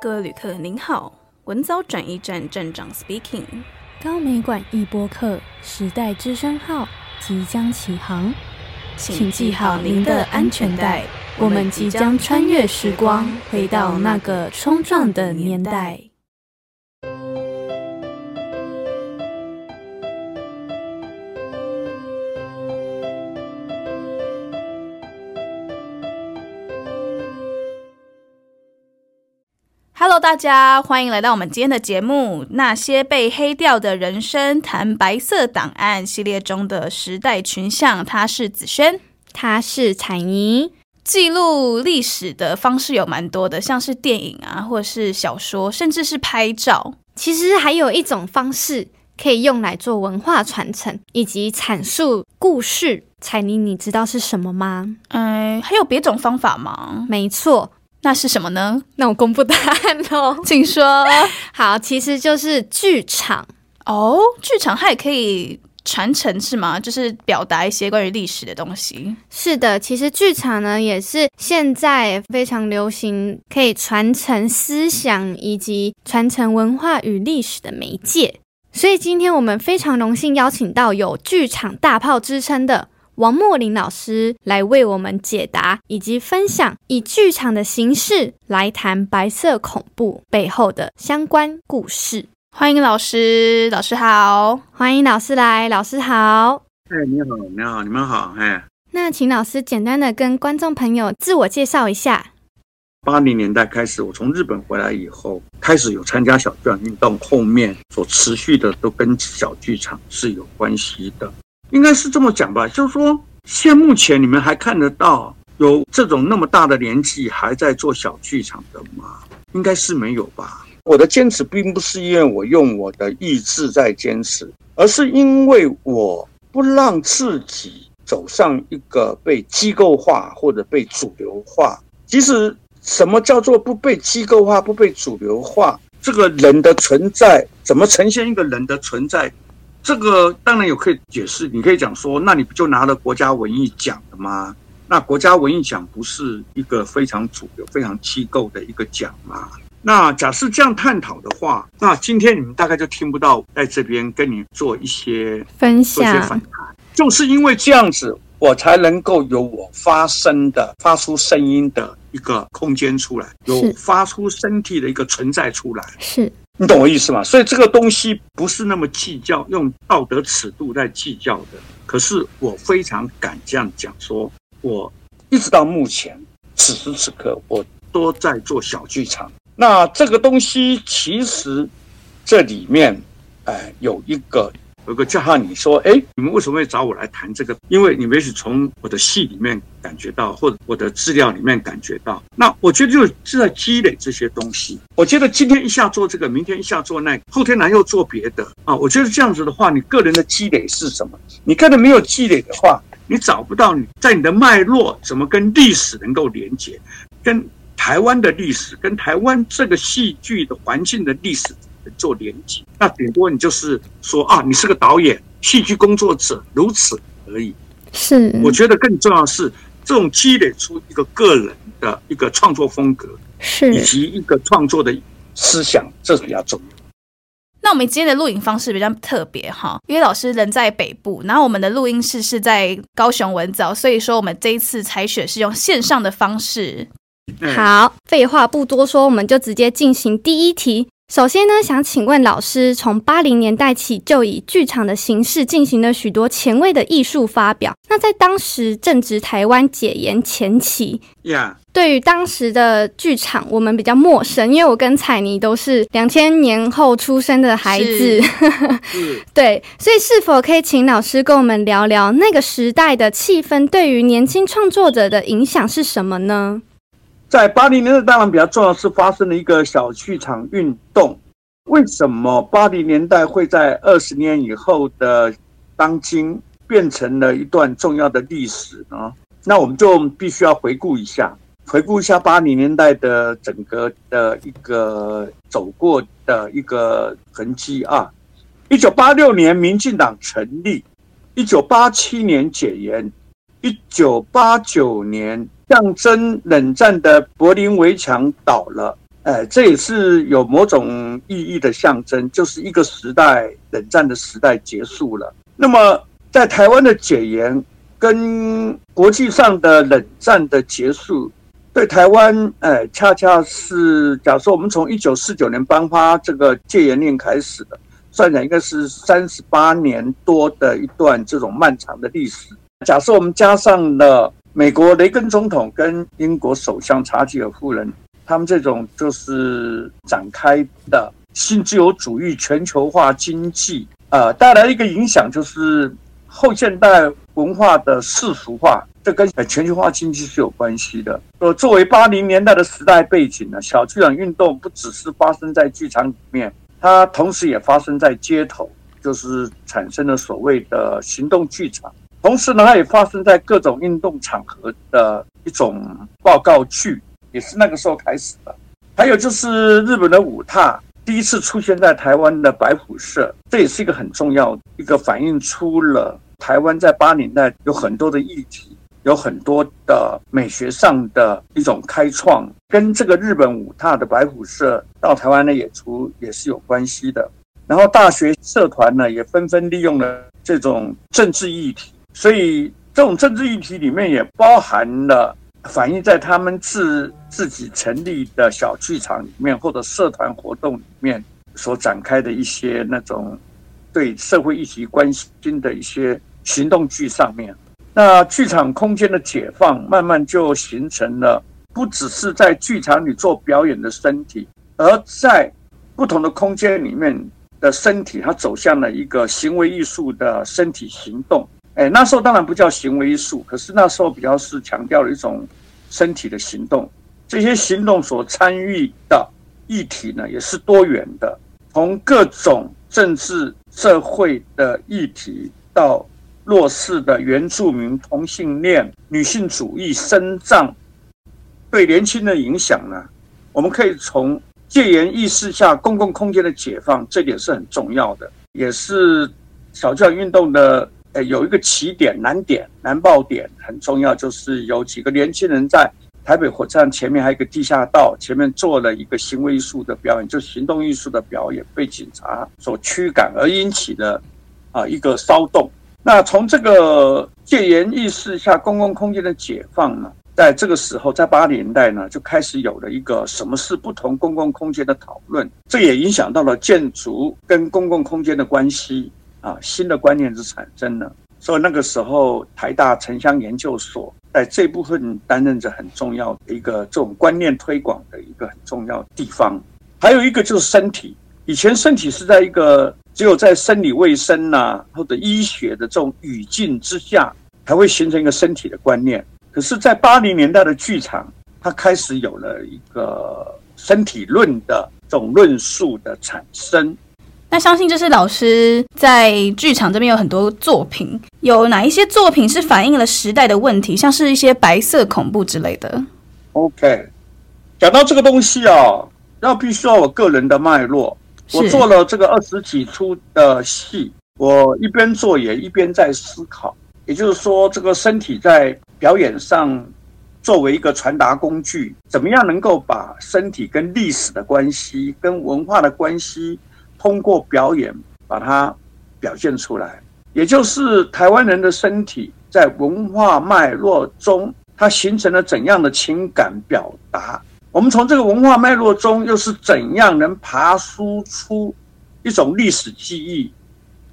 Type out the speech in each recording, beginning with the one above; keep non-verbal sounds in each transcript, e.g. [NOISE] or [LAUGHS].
各位旅客，您好，文藻轉移站站長 speaking，高美館易播客時代之聲號即將啟航，請繫好您的安全帶，全帶我們即將穿越時光，時光回到那個衝撞的年代。大家歡迎來到我們今天的節目《那些被黑掉的人生談白色檔案》系列中的時代群像。他是子軒，他是彩妮。記錄歷史的方式有蠻多的，像是電影啊，或是小說，甚至是拍照。其實還有一種方式可以用來做文化傳承以及闡述故事。彩妮，你知道是什麼嗎？嗯、呃，還有別種方法嗎？沒錯。那是什麼呢？那我公布答案嘍，哦， [LAUGHS] 請說。 [LAUGHS] 好，其實就是劇場哦，劇場它也可以傳承，是嗎？就是表達一些關於歷史的東西。是的，其實劇場呢，也是現在非常流行，可以傳承思想以及傳承文化與歷史的媒介。所以今天我們非常榮幸邀請到有“劇場大炮”之稱的。王墨林老師來為我們解答以及分享，以劇場的形式來談白色恐怖背後的相關故事。歡迎老師，老師好。歡迎老師來，老師好。哎，你好，你好，你們好。哎，那請老師簡單的跟觀眾朋友自我介紹一下。八零年代開始，我從日本回來以後，開始有參加小劇場運動，後面所持續的都跟小劇場是有關係的。應該是這麼講吧，就是說，現目前你們還看得到有這種那麼大的年紀還在做小劇場的嗎？應該是沒有吧。我的堅持並不是因為我用我的意志在堅持，而是因為我不讓自己走上一個被機構化或者被主流化。其實，什麼叫做不被機構化、不被主流化？這個人的存在怎麼呈現？一個人的存在。這個當然也可以解釋，你可以講說，那你不就拿了國家文藝獎了嗎？那國家文藝獎不是一個非常主流、非常機構的一個獎嗎？那假設這樣探討的話，那今天你們大概就聽不到我在這邊跟你做一些分享、一些訪談。就是因為這樣子，我才能夠有我發聲的、發出聲音的一個空間出來，有發出身體的一個存在出來，是。是你懂我意思嗎？所以這個東西不是那麼計較，用道德尺度在計較的。可是我非常敢這樣講說，說我一直到目前，此時此刻，我都在做小劇場。那這個東西其實，這裡面，哎、呃，有一個。有個叫號，你說，哎、欸，你們為什麼會找我來談這個？因為你們也許從我的戲裡面感覺到，或者我的資料裡面感覺到。那我覺得就是在積累這些東西。我覺得今天一下做這個，明天一下做那個，後天來又做別的。啊，我覺得這樣子的話，你個人的積累是什麼？你個人沒有積累的話，你找不到你在你的脈絡怎麼跟歷史能夠連接，跟台灣的歷史，跟台灣這個戲劇的環境的歷史。做聯集，那頂多你就是說啊，你是個導演、戲劇工作者如此而已。是，我覺得更重要的是這種積累出一個個人的一個創作風格，是以及一個創作的思想，這是比較重要。那我們今天的錄影方式比較特別哈，因為老師人在北部，然後我們的錄音室是在高雄文藻，所以說我們這一次採選是用線上的方式。嗯、好，廢話不多說，我們就直接進行第一題。首先呢，想請問老師，從八零年代起就以劇場的形式進行了許多前衛的藝術發表。那在當時正值台灣解嚴前期，Yeah. 對於當時的劇場，我們比較陌生，因為我跟彩妮都是兩千年後出生的孩子。是，對，所以是否可以請老師跟我們聊聊那個時代的氣氛對於年輕創作者的影響是什麼呢？在八零年代，當然比較重要是發生了一個小劇場運動。為什麼八零年代會在二十年以後的當今變成了一段重要的歷史呢？那我們就必須要回顧一下，回顧一下八零年代的整個的一個走過的一個痕跡啊。一九八六年，民進黨成立；一九八七年解嚴；一九八九年。象徵冷戰的柏林圍牆倒了，哎，呃，這也是有某種意義的象徵，就是一個時代，冷戰的時代結束了。那麼，在台灣的解嚴跟國際上的冷戰的結束，對台灣，呃，恰恰是假設我們從一九四九年頒發這個戒嚴令開始的，算起來應該是三十八年多的一段這種漫長的歷史。假設我們加上了。美國雷根總統跟英國首相柴契爾夫人，他們這種就是展開的新自由主義全球化經濟，呃，帶來一個影響就是後現代文化的世俗化，這跟全球化經濟是有關係的。呃，作為八零年代的時代背景呢，小劇場運動不只是發生在劇場裡面，它同時也發生在街頭，就是產生了所謂的行動劇場。同時呢，它也發生在各種運動場合的一種報告劇，也是那個時候開始的。還有就是日本的舞踏，第一次出現在台灣的白虎社，這也是一個很重要的一個反映出了台灣在八零代有很多的議題，有很多的美學上的一種開創，跟這個日本舞踏的白虎社到台灣的演出也是有關係的。然後大學社團呢，也紛紛利用了這種政治議題。所以，這種政治議題裡面也包含了反映在他們自自己成立的小劇場裡面，或者社團活動裡面所展開的一些那種對社會議題關心的一些行動劇上面。那劇場空間的解放，慢慢就形成了不只是在劇場裡做表演的身體，而在不同的空間裡面的身體，它走向了一個行為藝術的身體行動。哎，那時候當然不叫行為藝術，可是那時候比較是強調了一種身體的行動，這些行動所參與的議題呢，也是多元的，從各種政治社會的議題到弱勢的原住民、同性戀、女性主義、身障，對年輕人的影響呢，我們可以從戒嚴意識下公共空間的解放，這點是很重要的，也是小劇場運動的。呃，有一個起點、難點、難爆點很重要，就是有幾個年輕人在台北火車站前面，還有一個地下道前面做了一個行為藝術的表演，就行動藝術的表演被警察所驅趕而引起的啊一個騷動。那從這個戒嚴意識下公共空間的解放呢，在這個時候，在八零年代呢，就開始有了一個什麼是不同公共空間的討論，這也影響到了建築跟公共空間的關係。啊，新的觀念是產生了，所以那個時候台大城鄉研究所在這部分擔任着很重要的一個這種觀念推廣的一個很重要地方。還有一個就是身體，以前身體是在一個只有在生理衛生吶、啊、或者醫學的這種語境之下，才會形成一個身體的觀念。可是，在八零年代的劇場，它開始有了一個身體論的這種論述的產生。那相信就是老師在劇場這邊有很多作品，有哪一些作品是反映了時代的問題，像是一些白色恐怖之類的？OK，講到這個東西啊、哦，要必須要我個人的脈絡。是我做了這個二十幾出的戲，我一邊做也一邊在思考，也就是說，這個身體在表演上作為一個傳達工具，怎麼樣能夠把身體跟歷史的關係、跟文化的關係。通過表演把它表現出來，也就是台灣人的身體在文化脈絡中，它形成了怎樣的情感表達？我們從這個文化脈絡中又是怎樣能爬梳出一種歷史記憶？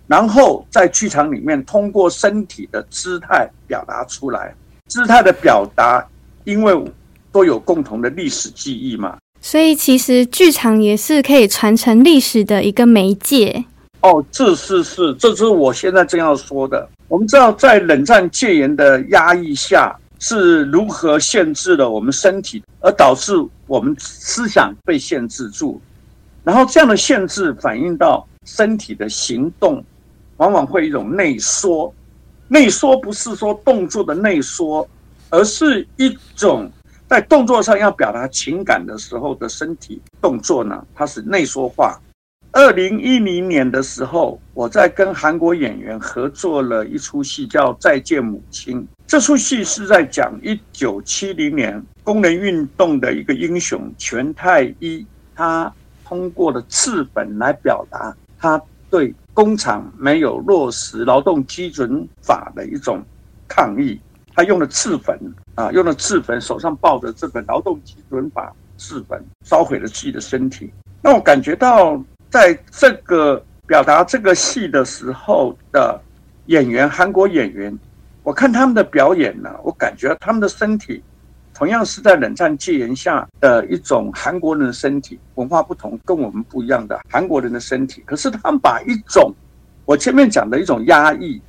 然後在劇場裡面通過身體的姿態表達出來，姿態的表達，因為都有共同的歷史記憶嘛。所以，其實劇場也是可以傳承歷史的一個媒介。哦，這是是，這是我現在正要說的。我們知道，在冷戰戒嚴的壓抑下，是如何限制了我們身體，而導致我們思想被限制住。然後，這樣的限制反映到身體的行動，往往會一種內縮。內縮不是說動作的內縮，而是一種。在動作上要表達情感的時候的身體動作呢，它是內說話。二零一零年的時候，我在跟韓國演員合作了一出戲，叫《再見母親》。這出戲是在講一九七零年工人運動的一個英雄全泰一，他通過了刺本來表達他對工廠沒有落實勞動基準法的一種抗議。他用了自焚啊，用了自焚，手上抱着這個《勞動基準法》自焚，燒毀了自己的身體。那我感覺到，在這個表達這個戲的時候的演員，韓國演員，我看他們的表演呢、啊，我感覺他們的身體同樣是在冷戰戒嚴下的一種韓國人的身體，文化不同，跟我們不一樣的韓國人的身體。可是他們把一種我前面講的一種壓抑、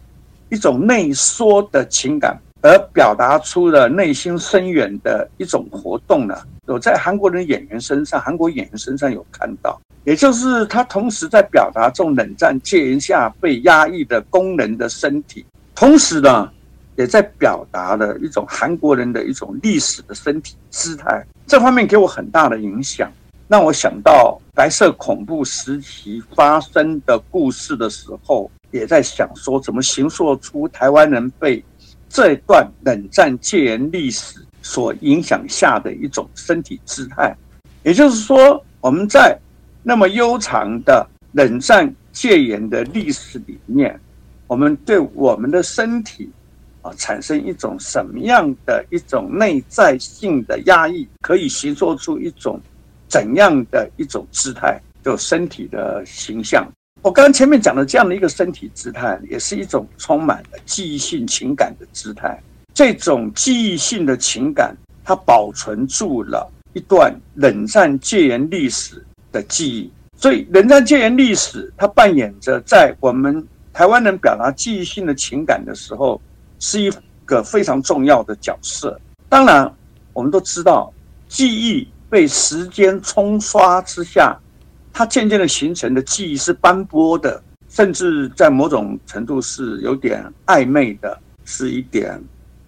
一種內縮的情感。而表達出的內心深遠的一種活動呢，有在韓國人演員身上、韓國演員身上有看到，也就是他同時在表達這種冷戰戒嚴下被壓抑的工人的身體，同時呢，也在表達了一種韓國人的一種歷史的身體姿態。這方面給我很大的影響，讓我想到白色恐怖時期發生的故事的時候，也在想說怎麼形塑出台灣人被。這段冷戰戒嚴歷史所影響下的一種身體姿態，也就是說，我們在那麼悠長的冷戰戒嚴的歷史裡面，我們對我們的身體啊產生一種什麼樣的一種內在性的壓抑，可以形塑出一種怎樣的一種姿態，就身體的形象。我剛剛前面講的這樣的一個身體姿態，也是一種充滿了記憶性情感的姿態。這種記憶性的情感，它保存住了一段冷戰戒嚴歷史的記憶。所以，冷戰戒嚴歷史它扮演着在我們台灣人表達記憶性的情感的時候，是一個非常重要的角色。當然，我們都知道，記憶被時間沖刷之下。它漸漸的形成的記憶是斑駁的，甚至在某種程度是有點曖昧的，是一點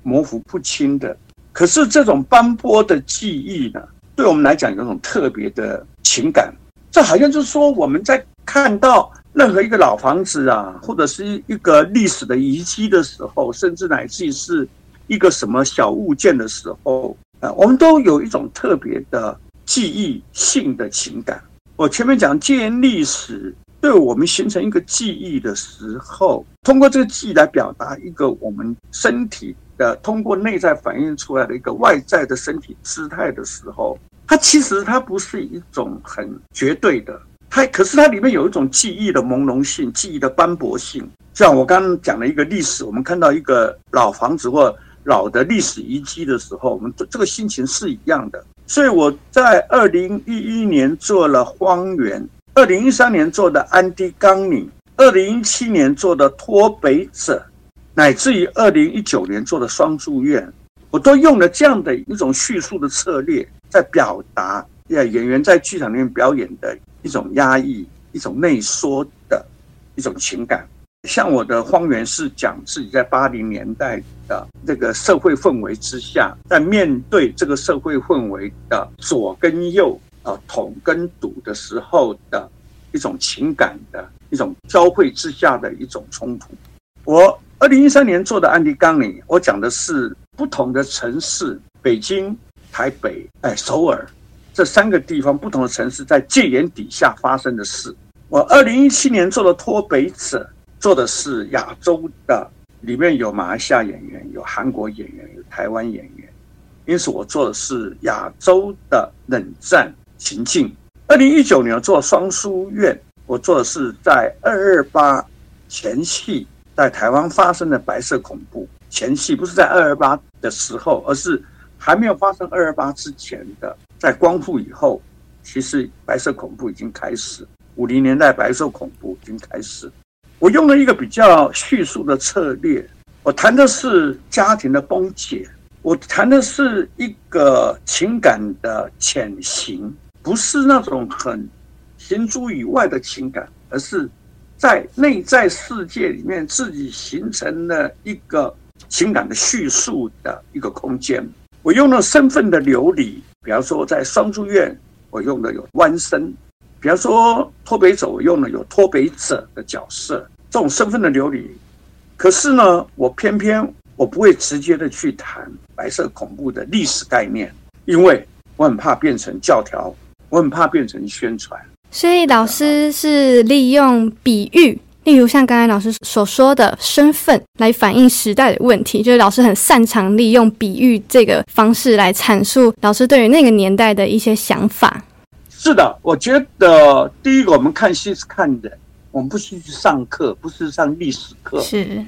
模糊不清的。可是這種斑駁的記憶呢，對我們來講有種特別的情感。這好像就是說，我們在看到任何一個老房子啊，或者是一個歷史的遺跡的時候，甚至乃至於是一個什麼小物件的時候啊，我們都有一種特別的記憶性的情感。我前面講，借歷史對我們形成一個記憶的時候，通過這個記憶來表達一個我們身體的，通過內在反映出來的一個外在的身體姿態的時候，它其實它不是一種很絕對的，它可是它裡面有一種記憶的朦朧性、記憶的斑駁性。像我剛剛講的一個歷史，我們看到一個老房子或老的歷史遺跡的時候，我們這個心情是一樣的。所以我在二零一一年做了《荒原》，二零一三年做的《安迪·岡尼》，二零一七年做的《脫北者》，乃至於二零一九年做的《雙住院》，我都用了這樣的一種敘述的策略，在表達演員在劇場裡面表演的一種壓抑、一種內縮的一種情感。像我的《荒原》是講自己在八零年代的這個社會氛圍之下，在面對這個社會氛圍的左跟右啊，統跟獨的時候的一種情感的一種交匯之下的一種衝突。我二零一三年做的《安蒂岡妮》，我講的是不同的城市，北京、台北、哎首爾，這三個地方不同的城市在戒嚴底下發生的事。我二零一七年做的《脫北者》，做的是亞洲的，裡面有馬來西亞演員，有韓國演員，有台灣演員，因此我做的是亞洲的冷戰情境。二零一九年我做雙書院，我做的是在二二八前夕，在台灣發生的白色恐怖。前夕不是在二二八的時候，而是還沒有發生二二八之前的，在光復以後，其實白色恐怖已經開始，五零年代白色恐怖已經開始。我用了一個比較敘述的策略，我談的是家庭的崩解，我談的是一個情感的潛行，不是那種很，形諸以外的情感，而是在內在世界裡面自己形成了一個情感的敘述的一個空間。我用了身份的流離，比方說在雙珠院，我用的有灣生。比方說，脫北者，我用了有脫北者的角色，這種身份的流離。可是呢，我偏偏我不會直接的去談白色恐怖的歷史概念，因為我很怕變成教條，我很怕變成宣傳。所以老師是利用比喻，例如像剛才老師所說的身份，來反映時代的問題。就是老師很擅長利用比喻這個方式來闡述老師對於那個年代的一些想法。是的，我覺得第一個，我們看戲是看人，我們不是去上課，不是上歷史課。是，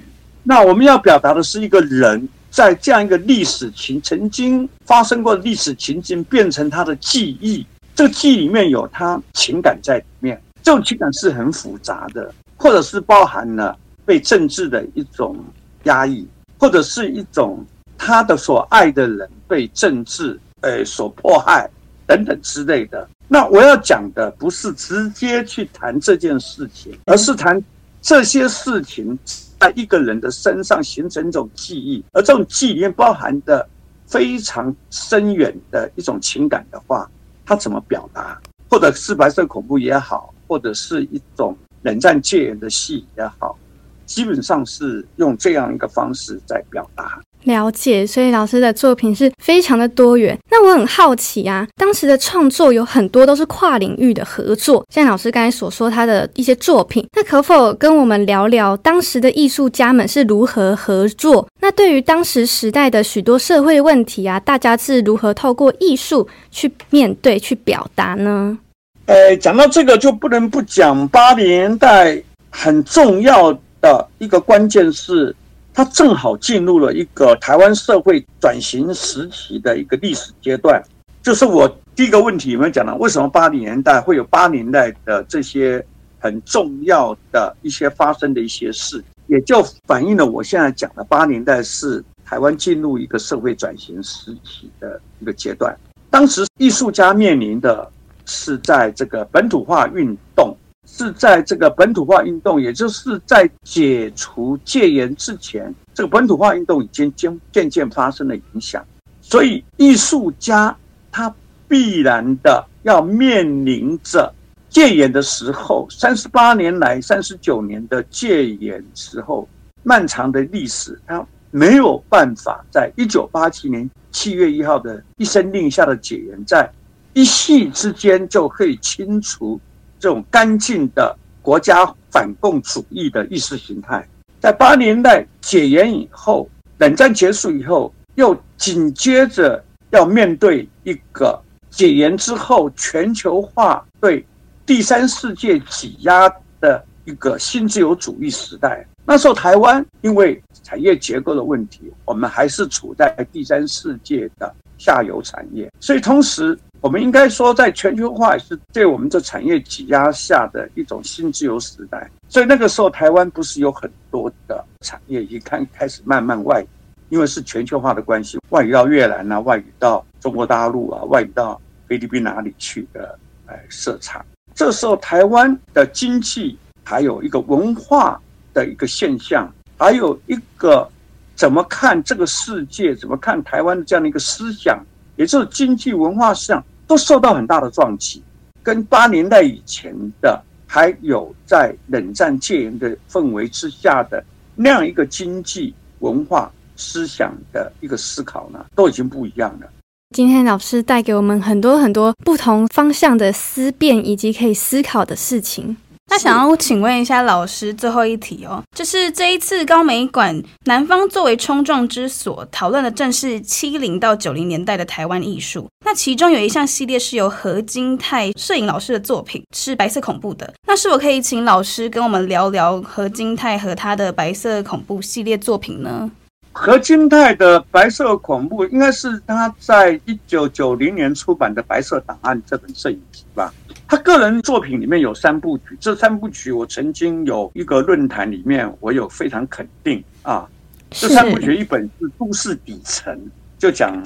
那我們要表達的是一個人在這樣一個歷史情曾經發生過的歷史情境，變成他的記憶。這個記憶裡面有他情感在裡面，這種情感是很複雜的，或者是包含了被政治的一種壓抑，或者是一種他的所愛的人被政治呃所迫害。等等之類的，那我要講的不是直接去談這件事情，而是談這些事情在一個人的身上形成一種記憶，而這種記憶裡面包含的非常深遠的一種情感的話，它怎麼表達？或者是白色恐怖也好，或者是一種冷戰戒嚴的戲也好，基本上是用這樣一個方式在表達。了解，所以老師的作品是非常的多元。那我很好奇啊，當時的創作有很多都是跨領域的合作。像老師剛才所說，他的一些作品，那可否跟我們聊聊當時的藝術家們是如何合作？那對於當時時代的許多社會問題啊，大家是如何透過藝術去面對、去表達呢？呃、欸，講到這個，就不能不講八零年代很重要的一個關鍵是。它正好進入了一個台灣社會轉型時期的一個歷史階段，就是我第一個問題有沒有講到，為什麼八零年代會有八零年代的這些很重要的一些發生的一些事，也就反映了我現在講的八零年代是台灣進入一個社會轉型時期的一個階段。當時藝術家面臨的是在這個本土化運動。是在這個本土化運動，也就是在解除戒嚴之前，這個本土化運動已經將漸漸發生了影響。所以，藝術家他必然的要面臨着戒嚴的時候，三十八年來、三十九年的戒嚴時候，漫長的歷史，他沒有辦法在一九八七年七月一號的一聲令下的解嚴，在一夕之間就可以清除。這種乾淨的國家反共主義的意識形態，在八零年代解嚴以後，冷戰結束以後，又緊接着要面對一個解嚴之後全球化對第三世界擠壓的一個新自由主義時代。那時候，台灣因為產業結構的問題，我們還是處在第三世界的下游產業，所以同時。我們應該說，在全球化也是對我們這產業擠壓下的一種新自由時代，所以那個時候台灣不是有很多的產業已經開開始慢慢外移，因為是全球化的關係，外移到越南啊，外移到中國大陸啊，外移到菲律賓哪裡去的哎，設廠。這時候台灣的經濟還有一個文化的一個現象，還有一個怎麼看這個世界，怎麼看台灣的這樣的一個思想。也就是經濟文化上都受到很大的撞擊，跟八年代以前的，還有在冷戰戒嚴的氛圍之下的那樣一個經濟文化思想的一個思考呢，都已經不一樣了。今天老師帶給我們很多很多不同方向的思辨以及可以思考的事情。那是想要請問一下老師最後一題哦,就是這一次高美館南方作為衝撞之所討論的正是七零到九零年代的台灣藝術。那其中有一項系列是由何經泰攝影老師的作品，是白色恐怖的。那是否可以請老師跟我們聊聊何經泰和他的白色恐怖系列作品呢？何經泰的《白色恐怖》應該是他在一九九零年出版的《白色檔案》這本攝影集吧。他個人作品裡面有三部曲，這三部曲我曾經有一個論壇裡面，我有非常肯定啊。這三部曲一本是《都市底層》，就講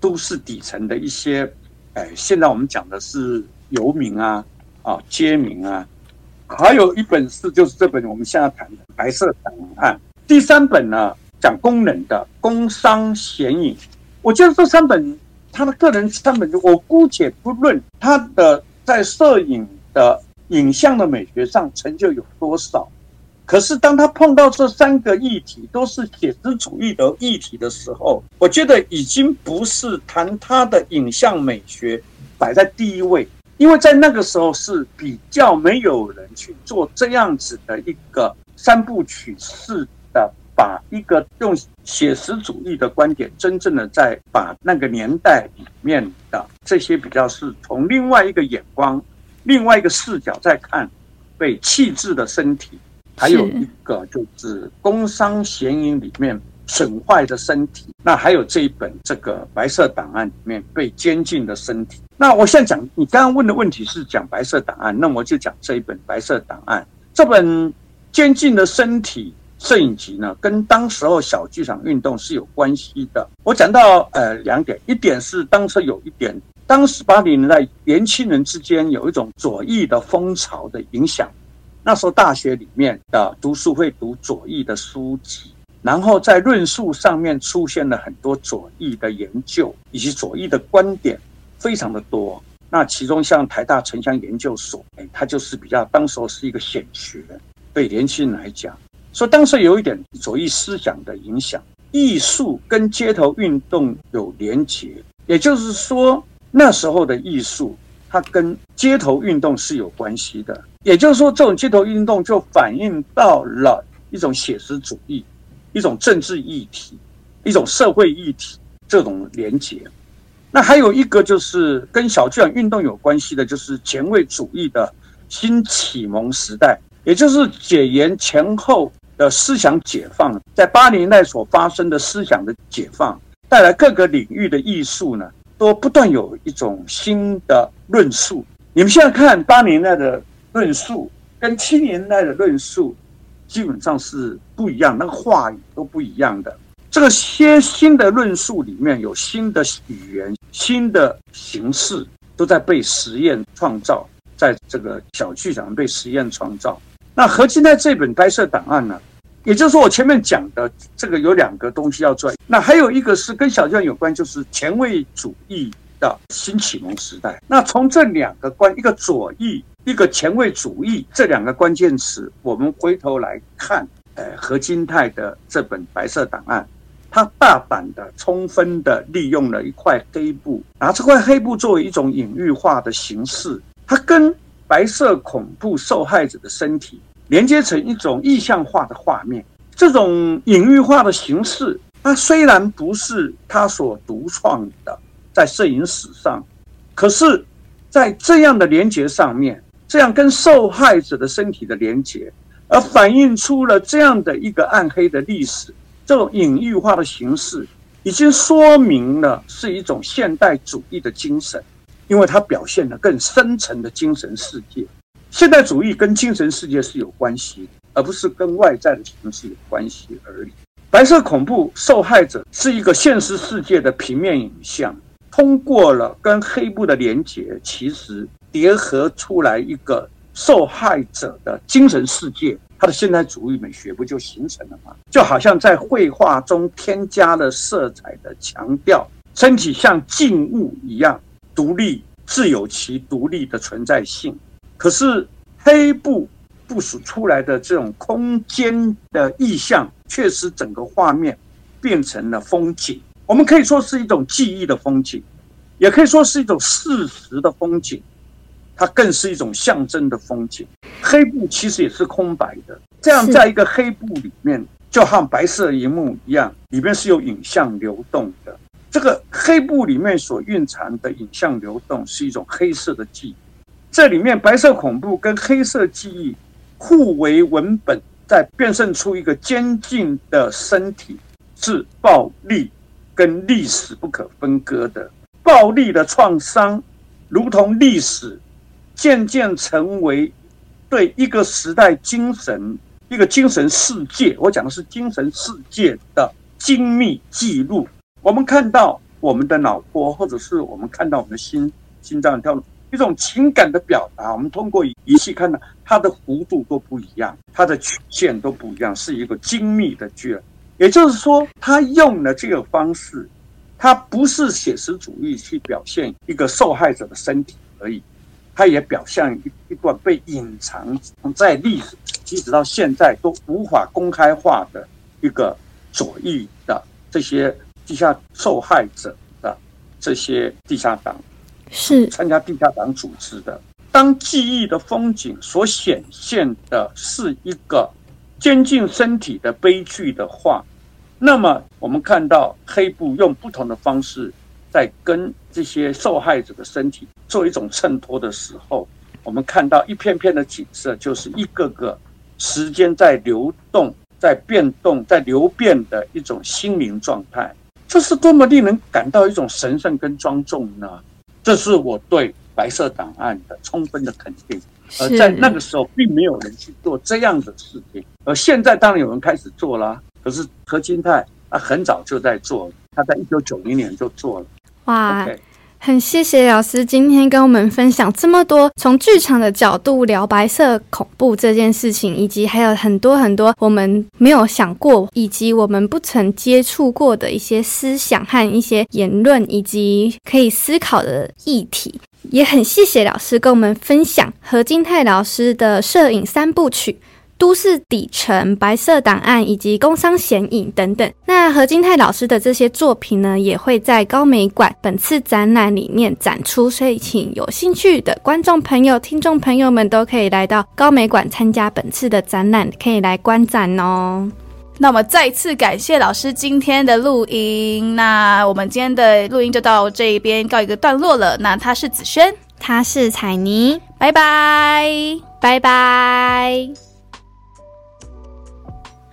都市底層的一些，哎，現在我們講的是游民啊，啊，街民啊。還有一本是就是這本我們現在談的《白色檔案》，第三本呢。講功能的工殤顯影，我覺得這三本他的個人三本，我姑且不論他的在攝影的影像的美學上成就有多少。可是當他碰到這三個議題，都是寫實主義的議題的時候，我覺得已經不是談他的影像美學擺在第一位，因為在那個時候是比較沒有人去做這樣子的一個三部曲式的。把一個用寫實主義的觀點，真正的在把那個年代裡面的這些比較是從另外一個眼光、另外一個視角在看被棄置的身體，還有一個就是工殤顯影裡面損壞的身體，那還有這一本這個白色檔案裡面被監禁的身體。那我現在講，你剛剛問的問題是講白色檔案，那我就講這一本白色檔案，這本監禁的身體。這一集呢，跟當時候小劇場運動是有關係的。我講到呃兩點，一點是當時有一點，當時80年代，年輕人之間有一種左翼的風潮的影響。那時候大學裡面的讀書會讀左翼的書籍，然後在論述上面出現了很多左翼的研究以及左翼的觀點，非常的多。那其中像台大城鄉研究所，哎、欸，它就是比較當時候是一個顯學，對年輕人來講。所以當時有一點左翼思想的影響，藝術跟街頭運動有連結，也就是說那時候的藝術它跟街頭運動是有關係的，也就是說這種街頭運動就反映到了一種寫實主義，一種政治議題，一種社會議題這種連結。那還有一個就是跟小劇場運動有關係的，就是前衛主義的新啟蒙時代，也就是解嚴前後。的思想解放，在八年代所發生的思想的解放，帶來各個領域的藝術呢，都不斷有一種新的論述。你們現在看八年代的論述，跟七年代的論述，基本上是不一樣，那個話語都不一樣的。這個些新的論述裡面有新的語言、新的形式，都在被實驗創造，在這個小劇場被實驗創造。那何經泰這本白色檔案呢，也就是說，我前面講的這個有兩個東西要做。那還有一個是跟小將有關，就是前衛主義的新啟蒙時代。那從這兩個關，一個左翼，一個前衛主義，這兩個關鍵詞，我們回頭來看，誒，何經泰的這本白色檔案，他大膽的、充分的利用了一塊黑布，拿這塊黑布作為一種隱喻化的形式，它跟白色恐怖受害者的身體連接成一種意象化的畫面，這種隱喻化的形式，它雖然不是他所獨創的，在攝影史上，可是，在這樣的連接上面，這樣跟受害者的身體的連接，而反映出了這樣的一個暗黑的歷史，這種隱喻化的形式，已經說明了是一種現代主義的精神。因為它表現了更深層的精神世界，現代主義跟精神世界是有關係的，而不是跟外在的形式有關係而已。白色恐怖受害者是一個現實世界的平面影像，通過了跟黑布的連接，其實疊合出來一個受害者的精神世界，他的現代主義美學不就形成了嗎？就好像在繪畫中添加了色彩的強調，身體像靜物一樣。獨立自有其獨立的存在性，可是黑布部署出來的這種空間的意象，確實整個畫面變成了風景。我們可以說是一種記憶的風景，也可以說是一種事實的風景，它更是一種象徵的風景。黑布其實也是空白的，這樣在一個黑布裡面，是就和白色熒幕一樣，裡面是有影像流動的。這個黑布裡面所蘊藏的影像流動是一種黑色的記憶，這裡面白色恐怖跟黑色記憶互為文本，在辨認出一個監禁的身體，是暴力跟歷史不可分割的。暴力的創傷，如同歷史，漸漸成為對一個時代精神、一個精神世界。我講的是精神世界的精密記錄。我們看到我們的腦波，或者是我們看到我們的心心臟跳動，一種情感的表達。我們通過儀器看到它的弧度都不一樣，它的曲線都不一樣，是一個精密的卷。也就是說，他用了這個方式，他不是寫實主義去表現一個受害者的身體而已，他也表現一一段被隱藏在歷史，即使到現在都無法公開化的，一個左翼的這些。地下受害者的這些地下黨，是參加地下黨組織的。當記憶的風景所顯現的是一個監禁身體的悲劇的話，那麼我們看到黑布用不同的方式在跟這些受害者的身體做一種襯托的時候，我們看到一片片的景色，就是一個個時間在流動、在變動、在流變的一種心靈狀態。這是多麼令人感到一種神聖跟莊重呢！這是我對白色檔案的充分的肯定。而在那個時候，並沒有人去做這樣的事情，而現在當然有人開始做啦，可是何經泰他很早就在做，他在一九九零年就做了。哇。Okay 很謝謝老師今天跟我們分享這麼多，從劇場的角度聊白色恐怖這件事情，以及還有很多很多我們沒有想過，以及我們不曾接觸過的一些思想和一些言論，以及可以思考的議題。也很謝謝老師跟我們分享何經泰老師的攝影三部曲。都市底層、白色檔案以及工殤顯影等等，那何經泰老師的這些作品呢，也會在高美館本次展覽裡面展出，所以請有興趣的觀眾朋友、聽眾朋友們都可以來到高美館參加本次的展覽，可以來觀展哦。那我們再次感謝老師今天的錄音，那我們今天的錄音就到這一邊告一個段落了。那他是子軒，他是彩妮，拜拜，拜拜。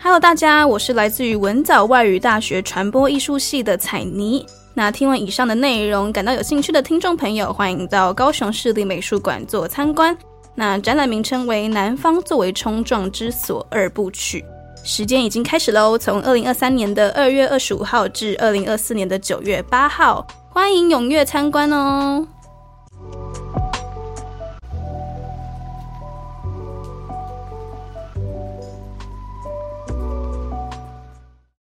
Hello，大家，我是來自於文藻外語大學傳播藝術系的彩妮。那聽完以上的內容，感到有興趣的聽眾朋友，歡迎到高雄市立美術館做參觀。那展覽名稱為《南方作為衝撞之所二部曲》，時間已經開始嘍，從二零二三年的二月二十五號至二零二四年的九月八號，歡迎踴躍參觀哦。